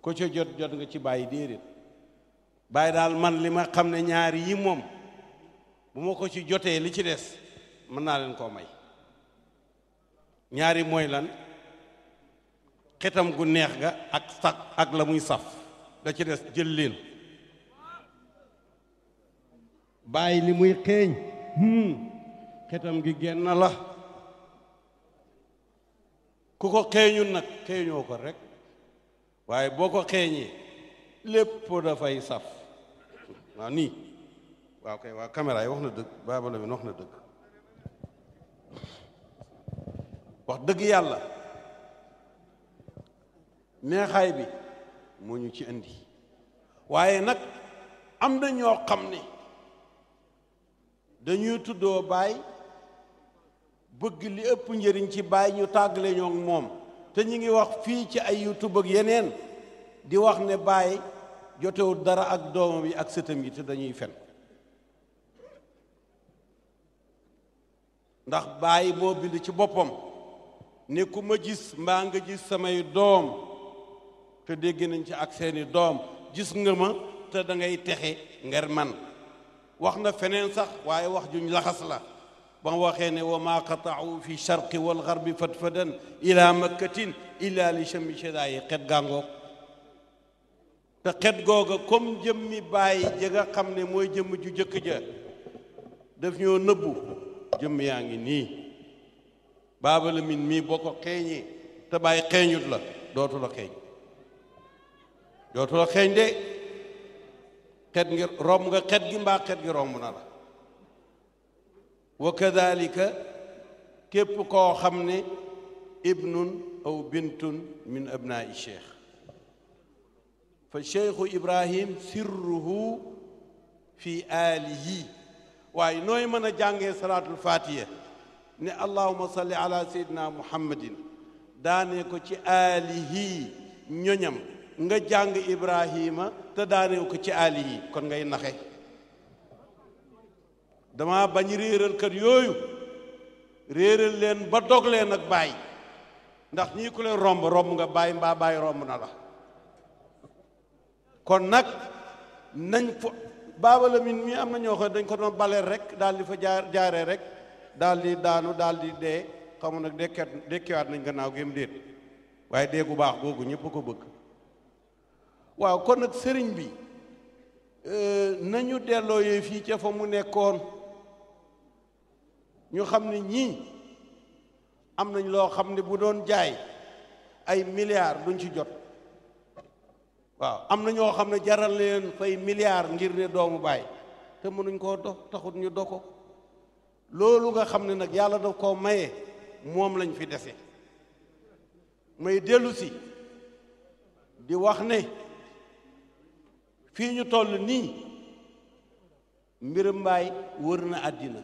ko ca jot jot nga ci baay déedéet baay daal man li ma xam ne ñaar yi moom bu ma ko ci jotee li ci des mën naa leen koo may ñaari mooy lan xetam gu neex ga ak sax ak la muy saf da ci des jël leen bàyyi li muy xeeñ hmm. xetam gi génn la ku ko xeeñul nag xeeñoo ko rek waaye boo ko xeeñee lépp dafay saf waaw nii waa koy waaw caméra wax na dëgg baaba la mi wax na dëgg wax dëgg yàlla neexaay bi moo ñu ci indi waaye nag am na ñoo xam ne dañuy tuddoo baay bëgg li ëpp njëriñ ci baay ñu tàggale ñoo moom te ñu ngi wax fii ci ay youtube ak yeneen di wax ne baay jotewul dara ak doomam yi ak sëtam yi te dañuy fen ndax baay moo bind ci boppam ne ku ma gis mbaa nga gis samay doom te dégg nañ ci ak seeni doom gis nga ma te dangay ngay texe ngir man wax na feneen sax waaye wax juñ laxas la ba waxee ne wa maa qataau fi charqi wal garbi fatfadan ila makkatin illa li chami shedaayi xet gàngoog te xet googa comme jëmmi bàyyi ja xam ne mooy jëmm ju jëkk ja daf ñoo nëbbu jëmm yaa ngi nii baaba la min mii boo ko xeeñee te bàyyi xeeñut la dootu la xeeñ dootu la xeeñ de خد غير رومغا وكذلك كيب كو خامني ابن او بنت من ابناء الشيخ فالشيخ ابراهيم سره في اله واي نوي مانا جانغي صلاه الفاتحه ني اللهم صل على سيدنا محمد داني كو سي اله نيونم nga jàng ibrahima te daanew ko ci aali yi kon ngay naxe dama bañ kër yooyu réeral leen ba dog leen ak baay ndax ñii ku leen romb romb nga baay mbaa baay romb na la kon nag nañ fo baaba lamin mi am na ñoo xam dañ ko doon baleel rek daal di fa jaar jaaree rek daal daanu daal di dee xamu nag dekkewaat dekkewaat nañ gannaaw gémm déet waaye dee gu baax googu ñëpp ko bëgg waaw kon nag sëriñ bi euh, nañu delloo yee fii ca fa mu nekkoon ñu xam ne ñii am nañ loo xam ne bu doon jaay ay milliards duñ ci jot waaw am na ñoo xam ne jaral leen fay milliards ngir ne doomu baay te mënuñ koo do taxut ñu do ko loolu nga xam ne nag yàlla daf koo maye moom lañ fi dese may dellusi si di wax ne fii ñu toll nii mbirum mbaay wër na àddina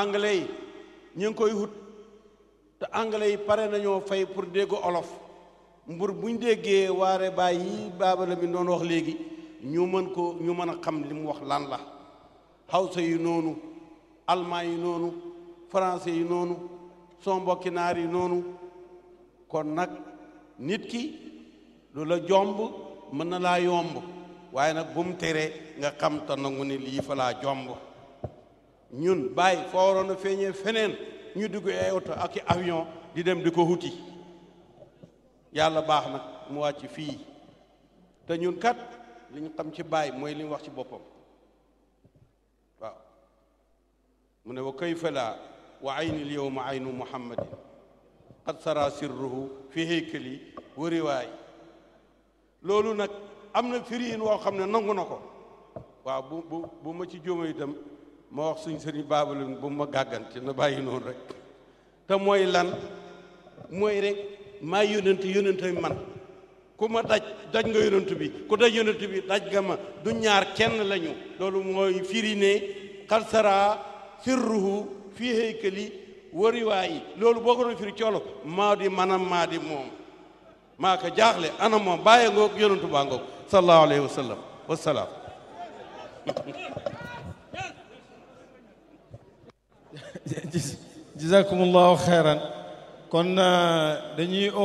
anglais yi ñu ngi koy wut te anglais yi pare nañoo fay pour dégg olof mbur buñ déggee waare baay yi baabala mi doon wax léegi ñu mën ko ñu mën a xam li mu wax lan la hawsa yi noonu allemand yi noonu français yi noonu son mbokki naar yi noonu kon nag nit ki du la jomb mën na laa yomb waaye nag bu mu tere nga xam te nangu ni lii fa jomb ñun bàyyi foo waroon a feeñee feneen ñu dugg ay oto ak avion di dem di ko wuti yàlla baax nag mu wàcc fii te ñun kat li xam ci bàyyi mooy li wax ci boppam waaw mu ne wa kayfa laa wa ayni l yowma aynu muhammadin qad sara sirruhu fi heykali wa riwaay loolu nag am na firiin woo xam ne nangu na ko waaw bu bu ma ci jóoma dem ma wax suñ baabu baabalin bu ma gàggante na bàyyi noonu rek te mooy lan mooy rek maa yónent yónent man ku ma daj daj nga yónent bi ku daj yónent bi daj nga ma du ñaar kenn lañu loolu mooy firi ne xarsara firruhu fii heykali wariwaayi loolu boo ko doon firi coolo maa di manam maa di moom ما كجاهل أنا ما بايعك يرنتو بانك صلى الله عليه وسلم والسلام جزاكم الله خيرا كنا دنيء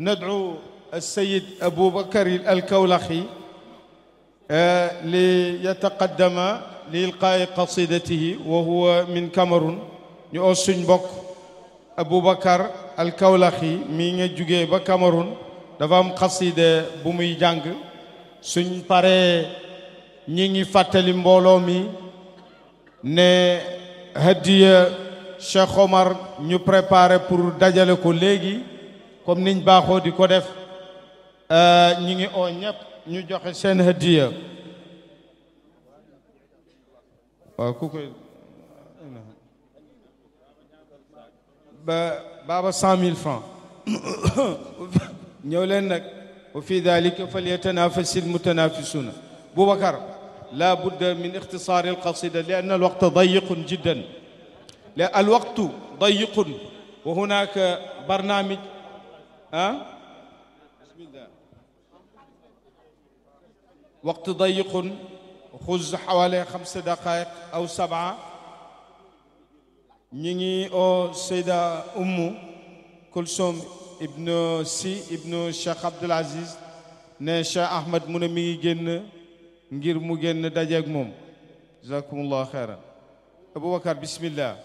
ندعو السيد أبو بكر الكولخي ليتقدم لإلقاء قصيدته وهو من كامرون يؤسن بك أبو بكر alkawlaxi mii nga jugee ba Cameroun dafa am xaside bu muy jàng suñ paree ñi ngi fàttali mbooloo mi ne hadiya Cheikh ñu préparé pour dajale ko léegi comme niñ baaxoo di ko def euh, ñi ngi oo ñëpp ñu joxe seen hadiya waaw ku koy ba بابا 100000 فران francs ñëw leen nag wa fi dalika falyatanafasi لا بد من اختصار القصيدة لأن الوقت ضيق جدا الوقت ضيق وهناك برنامج أه؟ بسم الله وقت ضيق خذ حوالي خمس دقائق أو سبعة نيني او سيدا ام كلثوم ابن سي ابن الشيخ عبد العزيز نيشا احمد منمي ген غير مو ген داجاك موم جزاكم الله خيرا ابو بكر بسم الله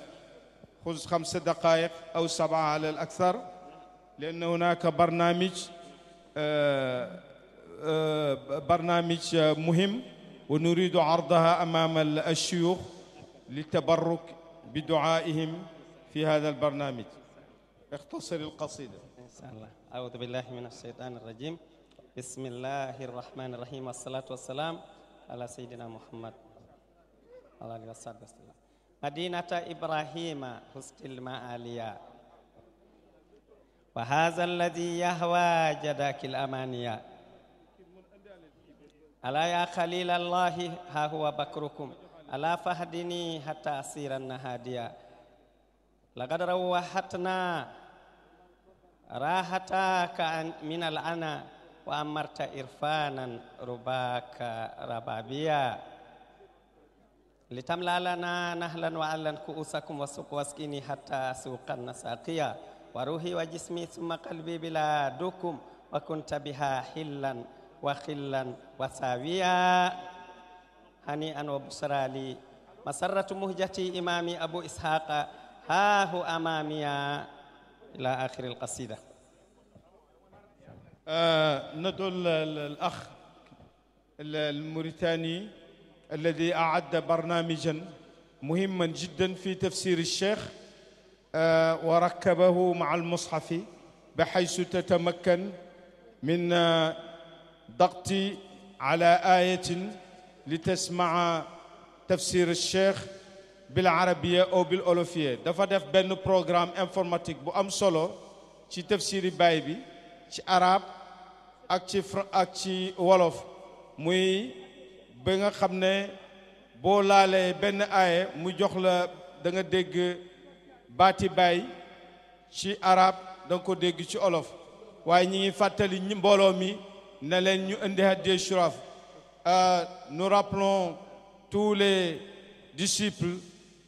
خذ خمس دقائق او سبعه على الاكثر لان هناك برنامج برنامج مهم ونريد عرضها امام الشيوخ للتبرك بدعائهم في هذا البرنامج اختصر القصيدة إن الله أعوذ بالله من الشيطان الرجيم بسم الله الرحمن الرحيم والصلاة والسلام على سيدنا محمد على عليه الصلاة والسلام مدينة إبراهيم حسن المعالية وهذا الذي يهوى جداك الأمانية ألا يا خليل الله ها هو بكركم ala fahdini hatta asiran nahadia, laqad rawahatna rahataka min al-ana wa amarta irfanan rubaka rababia, litamla lana nahlan wa alan ku'usakum wasuq waskini hatta suqan nasaqiya wa ruhi wa jismi thumma qalbi bila dukum wa kunta biha hillan wa khillan wa sawiya هنيئا أنو لي مسرة مهجتي إمامي أبو إسحاق ها هو أمامي إلى آخر القصيدة آه ندعو الأخ الموريتاني الذي أعد برنامجا مهما جدا في تفسير الشيخ وركبه مع المصحف بحيث تتمكن من ضغط على آية لتسمع تفسير الشيخ بالعربية أو بالأولوفية دفع دف بنو بروغرام انفورماتيك بو أم سولو تي تفسير بايبي تي عرب اك فر اك تي والوف موي بنا خمنا بو لالي بن آي مو جوخ لا دنگا ديگ باتي باي تي عرب دنكو ديگ تي والوف واي نيني فاتلي نيم مي نلن ني اندي دي شراف euh, nous rappelons tous les disciples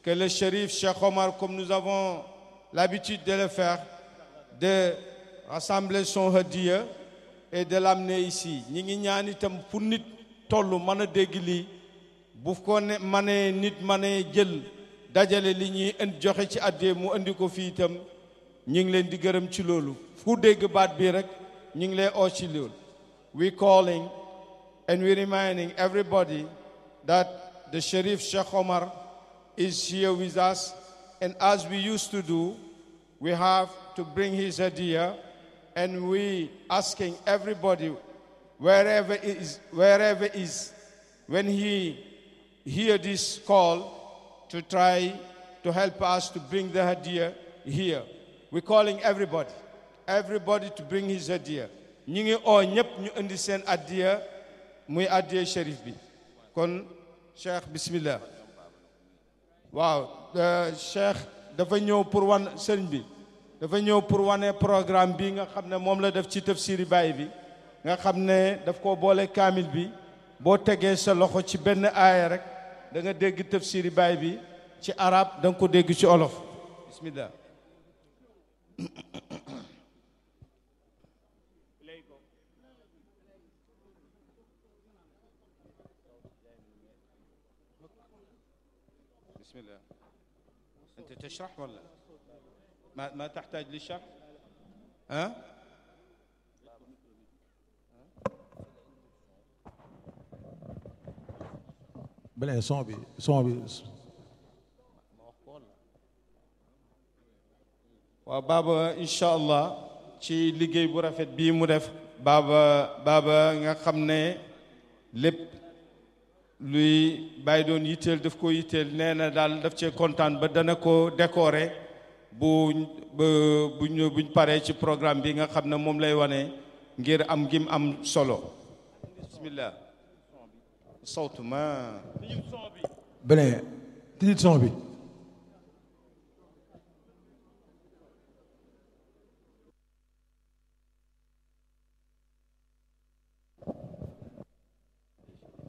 que le shérif Cheikh Omar, comme nous avons l'habitude de le faire, de rassembler son hadiya et de l'amener ici. ñi ngi ñaan itam fu nit toll degli a bu ko ne mané nit mané jël dajalé li ñuy indi ci addee mu indi ko fii itam ñi ngi leen di gërëm ci lolu fu dégg baat bi rek ñi ngi lay ci lool we calling And we're reminding everybody that the Sharif Sheikh Omar is here with us. And as we used to do, we have to bring his idea and we asking everybody wherever is wherever is when he hear this call to try to help us to bring the idea here. We're calling everybody, everybody to bring his idea. Ñu ngi oo ñëpp ñu idea muy addiyee shérif bi kon cheikh bismillah waaw euh, cheikh dafa ñëw pour wan sëñ bi dafa ñëw pour wane programme bi nga xam ne moom la def ci tef siiri baay bi nga xam ne daf ko boole kaamil bi boo tegee sa loxo ci benn aaya rek da nga dégg tafsiri baay bi ci arab danga ko dégg ci olof bismillah تشرح ولا ما, ما تحتاج للشرح ها بلا صعب allah ci liggéey bu rafet bii mu def Baba, baaba nga ne luy bàyyi doon yitteel daf ko yitteel nee na daal daf cee kontaan ba dana ko décorer bu bu ñu buñ paree ci programme bi nga xam ne moom lay wane ngir am gim am solo bismillah sawtu beneen tinit son bi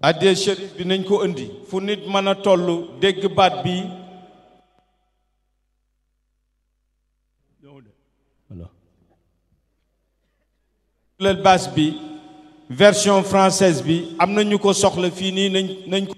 addee shérif bi nañ ko indi fu nit mën a tollu dégg baat bi lel baas bi version française bi am na ñu ko soxla fii nii nañ nañ ko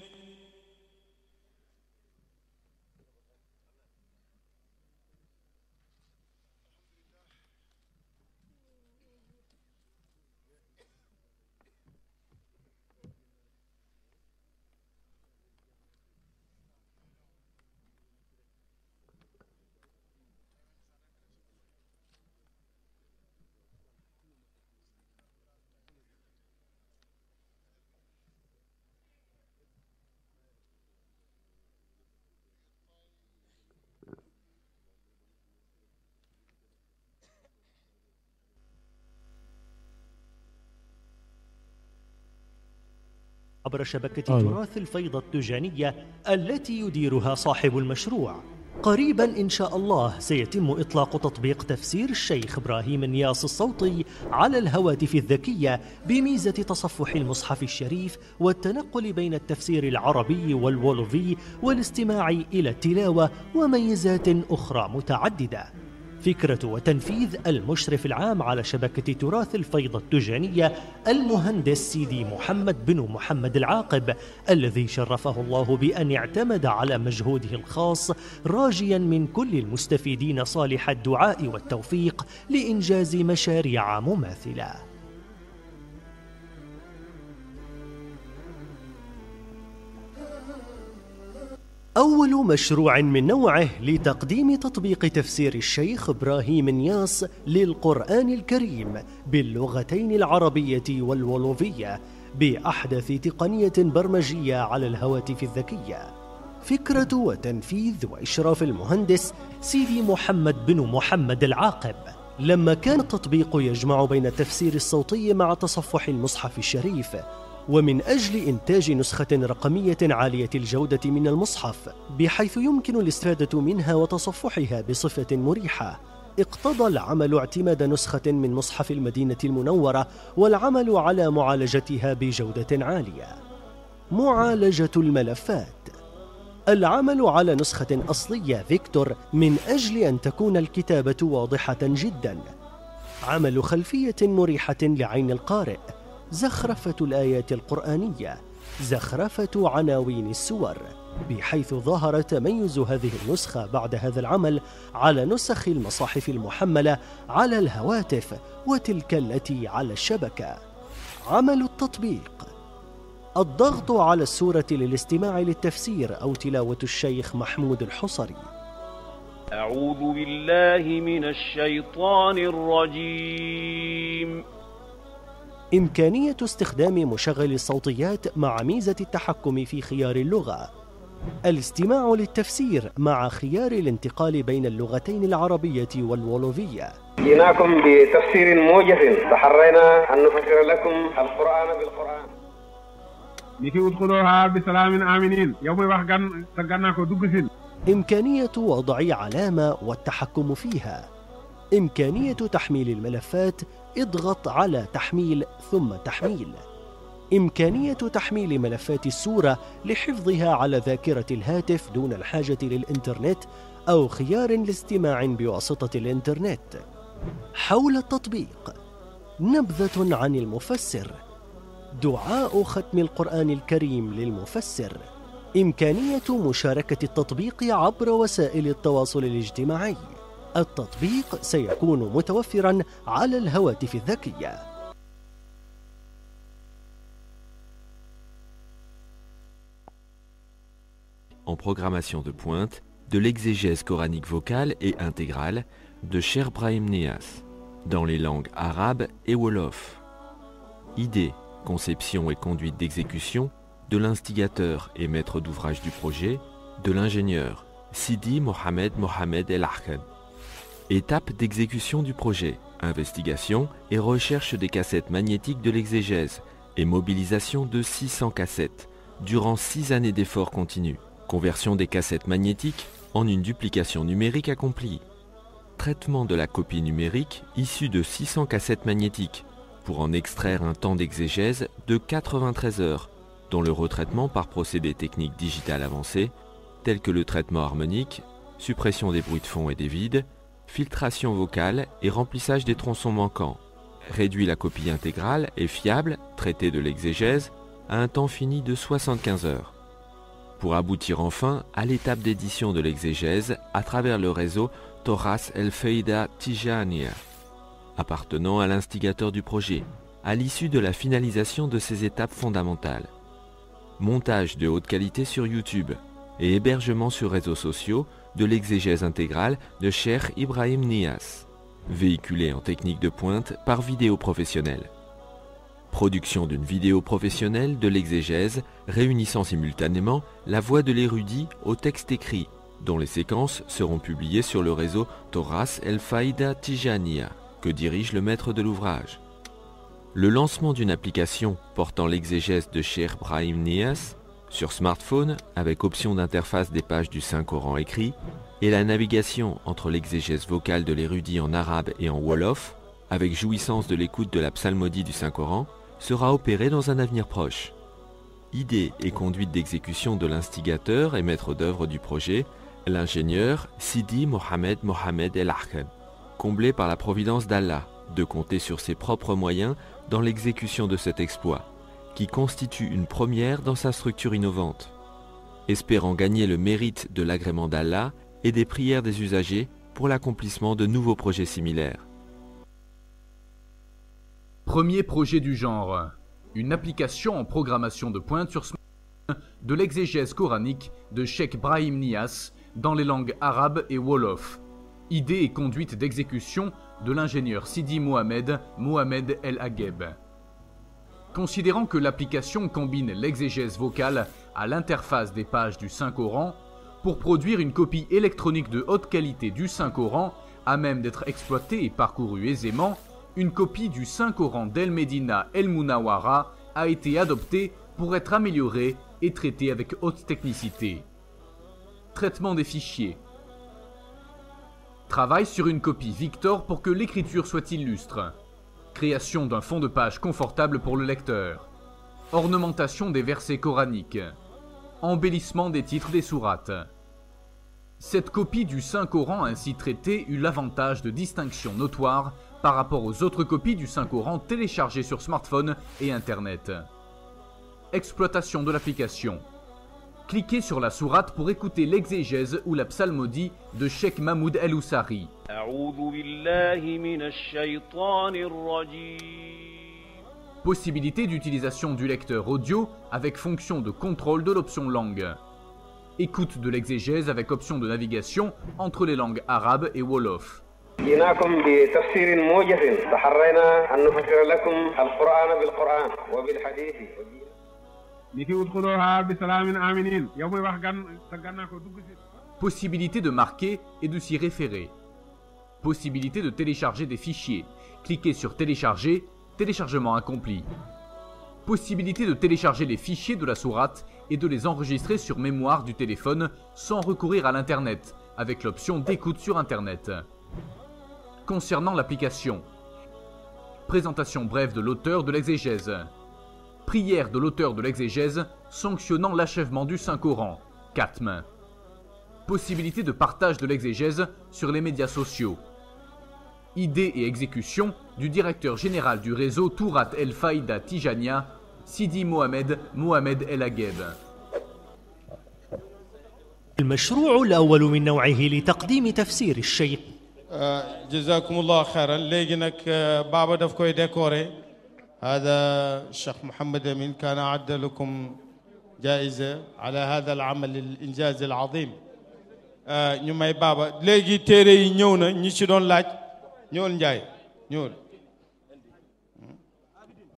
عبر شبكة أيوة. تراث الفيضة التجانية التي يديرها صاحب المشروع قريبا إن شاء الله سيتم إطلاق تطبيق تفسير الشيخ إبراهيم النياس الصوتي على الهواتف الذكية بميزة تصفح المصحف الشريف والتنقل بين التفسير العربي والولوفي والاستماع إلى التلاوة وميزات أخرى متعددة فكرة وتنفيذ المشرف العام على شبكة تراث الفيضة التجانية المهندس سيدي محمد بن محمد العاقب الذي شرفه الله بأن اعتمد على مجهوده الخاص راجيا من كل المستفيدين صالح الدعاء والتوفيق لإنجاز مشاريع مماثلة أول مشروع من نوعه لتقديم تطبيق تفسير الشيخ إبراهيم نياس للقرآن الكريم باللغتين العربية والولوفية بأحدث تقنية برمجية على الهواتف الذكية فكرة وتنفيذ وإشراف المهندس سيدي محمد بن محمد العاقب لما كان التطبيق يجمع بين التفسير الصوتي مع تصفح المصحف الشريف ومن أجل إنتاج نسخة رقمية عالية الجودة من المصحف بحيث يمكن الاستفادة منها وتصفحها بصفة مريحة اقتضى العمل اعتماد نسخة من مصحف المدينة المنورة والعمل على معالجتها بجودة عالية معالجة الملفات العمل على نسخة أصلية فيكتور من أجل أن تكون الكتابة واضحة جدا عمل خلفية مريحة لعين القارئ زخرفة الآيات القرآنية زخرفة عناوين السور بحيث ظهر تميز هذه النسخة بعد هذا العمل على نسخ المصاحف المحملة على الهواتف وتلك التي على الشبكة عمل التطبيق الضغط على السورة للاستماع للتفسير أو تلاوة الشيخ محمود الحصري أعوذ بالله من الشيطان الرجيم إمكانية استخدام مشغل الصوتيات مع ميزة التحكم في خيار اللغة الاستماع للتفسير مع خيار الانتقال بين اللغتين العربية والولوفية جئناكم بتفسير موجز تحرينا أن نفسر لكم القرآن بالقرآن بسلام آمنين يوم إمكانية وضع علامة والتحكم فيها إمكانية تحميل الملفات اضغط على تحميل ثم تحميل إمكانية تحميل ملفات الصورة لحفظها على ذاكرة الهاتف دون الحاجة للإنترنت أو خيار لاستماع بواسطة الإنترنت. حول التطبيق نبذة عن المفسر دعاء ختم القرآن الكريم للمفسر إمكانية مشاركة التطبيق عبر وسائل التواصل الاجتماعي en programmation de pointe, de l'exégèse coranique vocale et intégrale de Cher Brahim Neas, dans les langues arabes et wolof. Idée, conception et conduite d'exécution de l'instigateur et maître d'ouvrage du projet, de l'ingénieur Sidi Mohamed Mohamed El Arkad. Étape d'exécution du projet, investigation et recherche des cassettes magnétiques de l'exégèse et mobilisation de 600 cassettes durant 6 années d'efforts continus. Conversion des cassettes magnétiques en une duplication numérique accomplie. Traitement de la copie numérique issue de 600 cassettes magnétiques pour en extraire un temps d'exégèse de 93 heures, dont le retraitement par procédé technique digital avancé, tels que le traitement harmonique, suppression des bruits de fond et des vides, filtration vocale et remplissage des tronçons manquants. Réduit la copie intégrale et fiable, traitée de l'exégèse, à un temps fini de 75 heures. Pour aboutir enfin à l'étape d'édition de l'exégèse à travers le réseau Toras Elfeida Feida Tijania, appartenant à l'instigateur du projet, à l'issue de la finalisation de ces étapes fondamentales. Montage de haute qualité sur YouTube et hébergement sur réseaux sociaux de l'exégèse intégrale de Cheikh Ibrahim Nias, véhiculée en technique de pointe par vidéo professionnelle. Production d'une vidéo professionnelle de l'exégèse réunissant simultanément la voix de l'érudit au texte écrit, dont les séquences seront publiées sur le réseau Toras El Faida Tijania, que dirige le maître de l'ouvrage. Le lancement d'une application portant l'exégèse de Cheikh Ibrahim Nias sur smartphone, avec option d'interface des pages du Saint-Coran écrit, et la navigation entre l'exégèse vocale de l'érudit en arabe et en wolof, avec jouissance de l'écoute de la psalmodie du Saint-Coran, sera opérée dans un avenir proche. Idée et conduite d'exécution de l'instigateur et maître d'œuvre du projet, l'ingénieur Sidi Mohamed Mohamed El Arkan, comblé par la providence d'Allah de compter sur ses propres moyens dans l'exécution de cet exploit qui constitue une première dans sa structure innovante. Espérant gagner le mérite de l'agrément d'Allah et des prières des usagers pour l'accomplissement de nouveaux projets similaires. Premier projet du genre, une application en programmation de pointe sur de l'exégèse coranique de Sheikh Brahim Nias dans les langues arabes et wolof. Idée et conduite d'exécution de l'ingénieur Sidi Mohamed Mohamed El Agheb. Considérant que l'application combine l'exégèse vocale à l'interface des pages du Saint-Coran pour produire une copie électronique de haute qualité du Saint-Coran, à même d'être exploitée et parcourue aisément, une copie du Saint-Coran d'El Medina El Munawara a été adoptée pour être améliorée et traitée avec haute technicité. Traitement des fichiers. Travail sur une copie Victor pour que l'écriture soit illustre création d'un fond de page confortable pour le lecteur, ornementation des versets coraniques, embellissement des titres des sourates. Cette copie du Saint Coran ainsi traitée eut l'avantage de distinction notoire par rapport aux autres copies du Saint Coran téléchargées sur smartphone et Internet. Exploitation de l'application cliquez sur la sourate pour écouter l'exégèse ou la psalmodie de Sheikh Mahmoud El-Oussari. Possibilité d'utilisation du lecteur audio avec fonction de contrôle de l'option langue. Écoute de l'exégèse avec option de navigation entre les langues arabes et wolof. Possibilité de marquer et de s'y référer. Possibilité de télécharger des fichiers. Cliquez sur Télécharger, téléchargement accompli. Possibilité de télécharger les fichiers de la sourate et de les enregistrer sur mémoire du téléphone sans recourir à l'Internet, avec l'option d'écoute sur Internet. Concernant l'application, présentation brève de l'auteur de l'exégèse prière de l'auteur de l'exégèse sanctionnant l'achèvement du Saint-Coran, quatre mains. Possibilité de partage de l'exégèse sur les médias sociaux. Idée et exécution du directeur général du réseau Tourat El Faïda Tijania, Sidi Mohamed Mohamed El Agheb. هذا الشيخ محمد أمين كان أعد لكم جائزة على هذا العمل الإنجاز العظيم ñu may baaba léegi téere yi ñëw na ñi ci doon laaj ñëwal